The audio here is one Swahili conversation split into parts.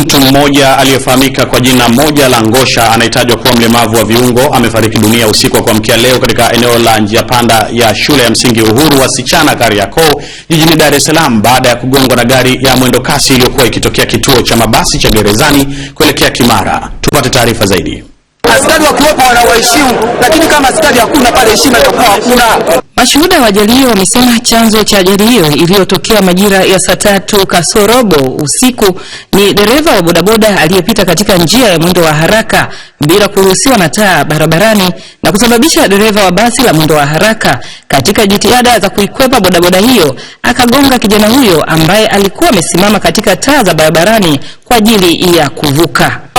Mtu mmoja aliyefahamika kwa jina moja la Ngosha anaitajwa kuwa mlemavu wa viungo amefariki dunia usiku wa kuamkia leo katika eneo la njia panda ya shule ya msingi Uhuru wasichana Kariakoo jijini Dar es Salaam baada ya kugongwa na gari ya mwendo kasi iliyokuwa ikitokea kituo cha mabasi cha Gerezani kuelekea Kimara. Tupate taarifa zaidi askari wakiwepo wanawaheshimu, lakini kama askari hakuna pale, heshima itakuwa hakuna. Mashuhuda wa ajali hiyo wamesema chanzo cha ajali hiyo iliyotokea majira ya saa tatu kasorobo usiku ni dereva wa bodaboda aliyepita katika njia ya mwendo wa haraka bila kuruhusiwa na taa barabarani na kusababisha dereva wa basi la mwendo wa haraka katika jitihada za kuikwepa bodaboda hiyo akagonga kijana huyo ambaye alikuwa amesimama katika taa za barabarani kwa ajili ya kuvuka.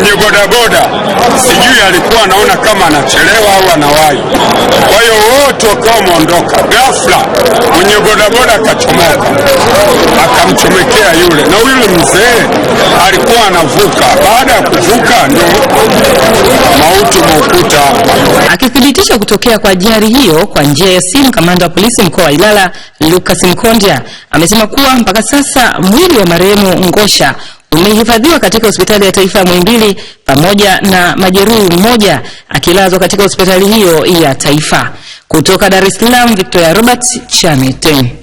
mwenye bodaboda sijui alikuwa anaona kama anachelewa au anawai. kwa hiyo wote wakawa wameondoka. Ghafla mwenye bodaboda akachomoka, akamchomekea yule, na yule mzee alikuwa anavuka. Baada ya kuvuka, ndio mauti maukuta. Akithibitisha kutokea kwa ajali hiyo kwa njia ya simu, kamanda wa polisi mkoa wa Ilala Lucas mkondia amesema kuwa mpaka sasa mwili wa marehemu Ngosha umehifadhiwa katika hospitali ya taifa ya Muhimbili pamoja na majeruhi mmoja akilazwa katika hospitali hiyo ya taifa. Kutoka Dar es Salaam, Victoria Robert, Channel 10.